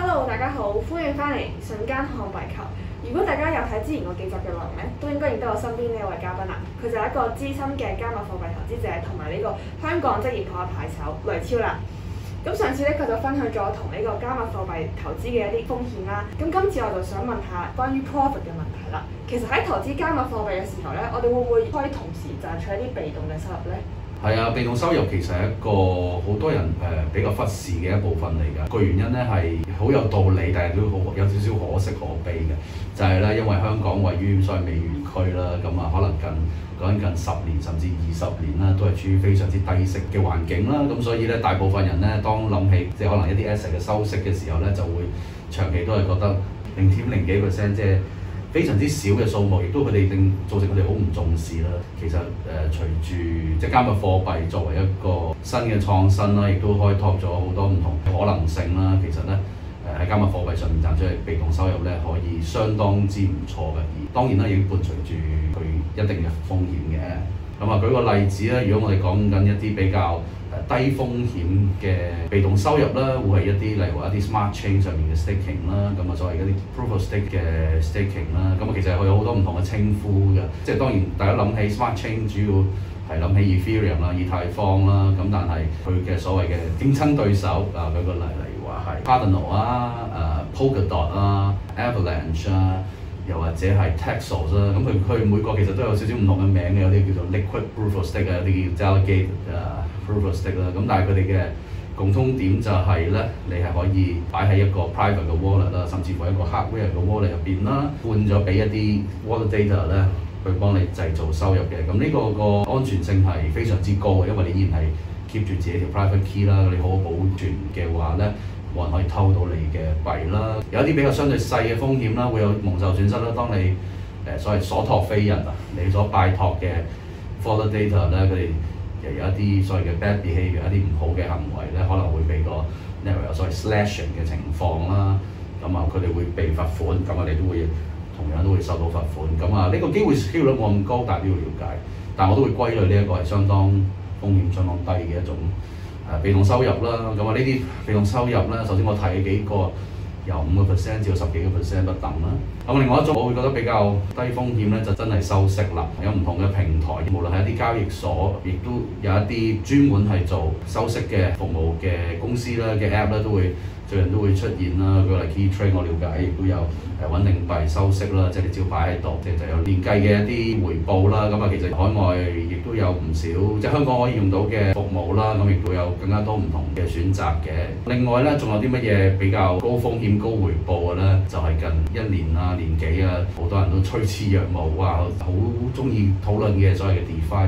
Hello，大家好，歡迎翻嚟瞬間看幣球。如果大家有睇之前個幾集嘅內容咧，都應該認得我身邊呢一位嘉賓啦。佢就係一個資深嘅加密貨幣投資者同埋呢個香港職業啤牌手雷超啦。咁上次咧佢就分享咗同呢個加密貨幣投資嘅一啲風險啦。咁今次我就想問下關於 profit 嘅問題啦。其實喺投資加密貨幣嘅時候咧，我哋會唔會可以同時賺取一啲被動嘅收入咧？係啊，被動收入其實係一個好多人誒比較忽視嘅一部分嚟㗎。個原因咧係好有道理，但係都好有少少可惜可悲嘅，就係、是、咧因為香港位於所謂美元區啦，咁啊可能近講緊，近十年甚至二十年啦，都係處於非常之低息嘅環境啦。咁所以咧，大部分人咧當諗起即係可能一啲 asset 嘅收息嘅時候咧，就會長期都係覺得零點零幾 percent 即係，就是非常之少嘅數目，亦都佢哋定造成佢哋好唔重視啦。其實誒、呃，隨住即係加密貨幣作為一個新嘅創新啦，亦都開拓咗好多唔同嘅可能性啦。其實咧誒喺加密貨幣上面賺出嚟被動收入咧，可以相當之唔錯嘅，而當然啦，亦都伴隨住佢一定嘅風險嘅。咁啊，舉個例子啦，如果我哋講緊一啲比較低風險嘅被動收入啦，會係一啲例如話一啲 Smart Chain 上面嘅 Staking 啦，咁啊所謂一啲 Proof of Stake 嘅 Staking 啦，咁啊其實佢有好多唔同嘅稱呼嘅，即係當然大家諗起 Smart Chain 主要係諗起 Ethereum 啦、以太坊啦，咁但係佢嘅所謂嘅競爭對手啊，舉個例例如話係 Cardano 啊、誒 Polkadot 啊、Avalanche 啊。又或者係 taxos 啦，咁佢佢每個其實都有少少唔同嘅名嘅，有啲叫做 liquid proof of stake 啊，有啲叫 delegate 啊 proof of stake 啦，咁但係佢哋嘅共通點就係咧，你係可以擺喺一個 private 嘅 wallet 啦，甚至乎一個 hardware 嘅 wallet 入邊啦，換咗俾一啲 validator 咧，去幫你製造收入嘅，咁呢個個安全性係非常之高嘅，因為你依然係 keep 住自己條 private key 啦，你好好保存嘅話咧。冇人可以偷到你嘅幣啦，有一啲比較相對細嘅風險啦，會有蒙受損失啦。當你誒所謂所託非人啊，你所拜託嘅 for the data 咧，佢哋又有一啲所謂嘅 bad behavior 一啲唔好嘅行為咧，可能會俾個例有所謂 slashing 嘅情況啦，咁啊佢哋會被罰款，咁我哋都會同樣都會受到罰款。咁啊呢個機會機率冇咁高，但都要了解，但我都會歸類呢一個係相當風險相當低嘅一種。誒被動收入啦，咁啊呢啲被動收入啦，首先我睇幾個由五個 percent 至十幾個 percent 不等啦。咁啊另外一種我會覺得比較低風險咧，就真係收息啦，有唔同嘅平台，無論係。交易所亦都有一啲專門係做收息嘅服務嘅公司啦，嘅 App 啦都會最近都會出現啦。佢例如 Key Trade，我了解亦都有誒穩定幣收息啦，即係你只要擺喺度，即係就有年計嘅一啲回報啦。咁啊，其實海外亦都有唔少，即係香港可以用到嘅服務啦，咁、啊、亦會有更加多唔同嘅選擇嘅。另外咧，仲有啲乜嘢比較高風險高回報嘅咧？就係、是、近一年啊、年幾啊，好多人都趨之若鶩，啊，好中意討論嘅所謂嘅 DeFi。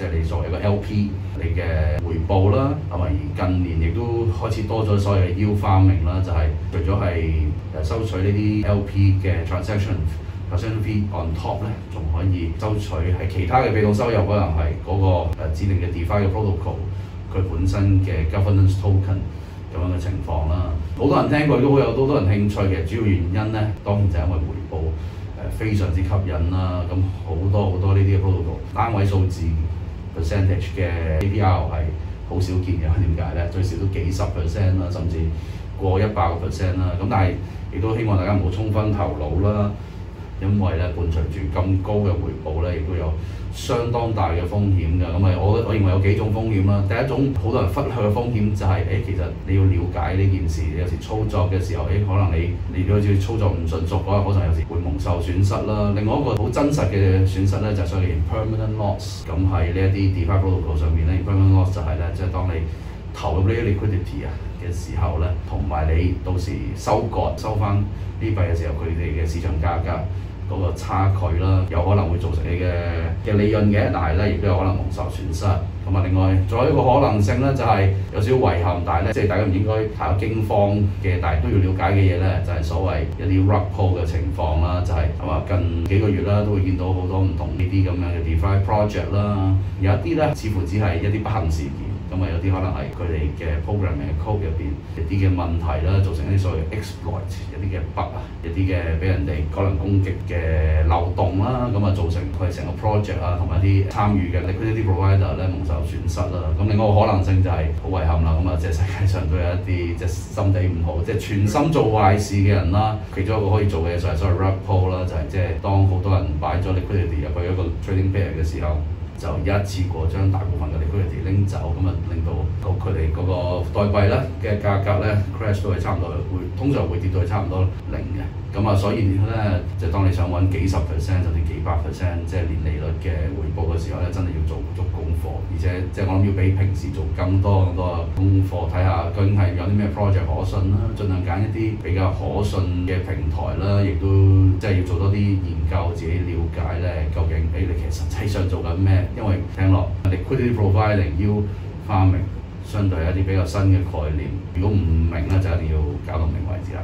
即係你作為一個 L P，你嘅回報啦，同埋近年亦都開始多咗，所謂嘅 Yield Farming 啦，就係除咗係收取呢啲 L P 嘅 transaction transaction fee on top 咧，仲可以收取係其他嘅被動收入，可能係嗰個指定嘅 DeFi 嘅 protocol 佢本身嘅 governance token 咁樣嘅情況啦。好多人聽過都好有，多多人興趣嘅主要原因咧，當然就係因為回報誒非常之吸引啦。咁好多好多呢啲嘅 protocol 單位數字，percentage 嘅 APR 係好少見嘅，點解呢？最少都幾十 percent 啦，甚至過一百個 percent 啦。咁但係亦都希望大家唔好衝昏頭腦啦。因為咧伴隨住咁高嘅回報咧，亦都有相當大嘅風險㗎。咁啊，我我認為有幾種風險啦。第一種好多人忽略嘅風險就係，誒，其實你要了解呢件事，你有時操作嘅時候，誒，可能你你好似操作唔順熟，可能有時會蒙受損失啦。另外一個好真實嘅損失咧，就所謂 impermanent loss。咁喺呢一啲 derivative tool 上面咧，impermanent loss 就係咧，即係當你投入呢啲 liquidity 啊嘅時候咧，同埋你到時收割收翻呢塊嘅時候，佢哋嘅市場價格。嗰個差距啦，有可能會造成你嘅嘅利潤嘅，但係咧亦都有可能蒙受損失。咁啊，另外仲有一個可能性咧，就係、是、有少少遺憾，但係咧即係大家唔應該太驚慌嘅，但係都要了解嘅嘢咧，就係、是、所謂一啲 rug pull 嘅情況啦，就係係嘛近幾個月啦都會見到好多唔同呢啲咁樣嘅 DeFi project 啦，有一啲咧似乎只係一啲不幸事件。咁啊，有啲可能係佢哋嘅 programming code 入邊一啲嘅問題啦，造成一啲所謂 exploit，一啲嘅 bug 啊，一啲嘅俾人哋可能攻擊嘅漏洞啦，咁啊造成佢哋成個 project 啊同埋一啲參與嘅 liquidity provider 咧蒙受損失啦。咁另外個可能性就係好遺憾啦，咁啊即係世界上都有一啲即係心地唔好，即係全心做壞事嘅人啦。其中一個可以做嘅嘢就係所謂 rug pull 啦，就係即係當好多人擺咗 liquidity 入去一個 trading pair 嘅時候。就一次過將大部分嘅離區人哋拎走，咁啊令到佢哋嗰個代幣咧嘅價格咧 crash 都係差唔多，會通常會跌到差唔多零嘅。咁啊，所以咧就當你想揾幾十 percent 甚至幾百 percent 即係年利率嘅回報嘅時候咧，真係要做足功課，而且即係、就是、我諗要比平時做更多咁多功課，睇下究竟係有啲咩 project 可信啦，盡量揀一啲比較可信嘅平台啦，亦都即係、就是、要做多啲研究，自己了解咧究竟誒、欸、你其實實際上做緊咩？因為聽落，liquidity providing yield farming，相對一啲比較新嘅概念，如果唔明咧，就一定要搞到明為止啦。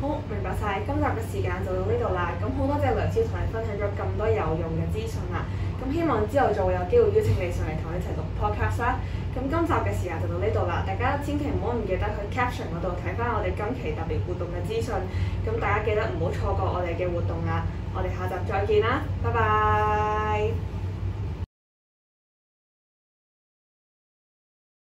好，明白晒！今集嘅時間就到呢度啦。咁好多謝梁超同你分享咗咁多有用嘅資訊啦。咁希望之後仲有機會邀請你上嚟同我一齊讀 podcast 啦。咁今集嘅時間就到呢度啦，大家千祈唔好唔記得去 caption 度睇翻我哋今期特別活動嘅資訊。咁大家記得唔好錯過我哋嘅活動啊！我哋下集再見啦，拜拜。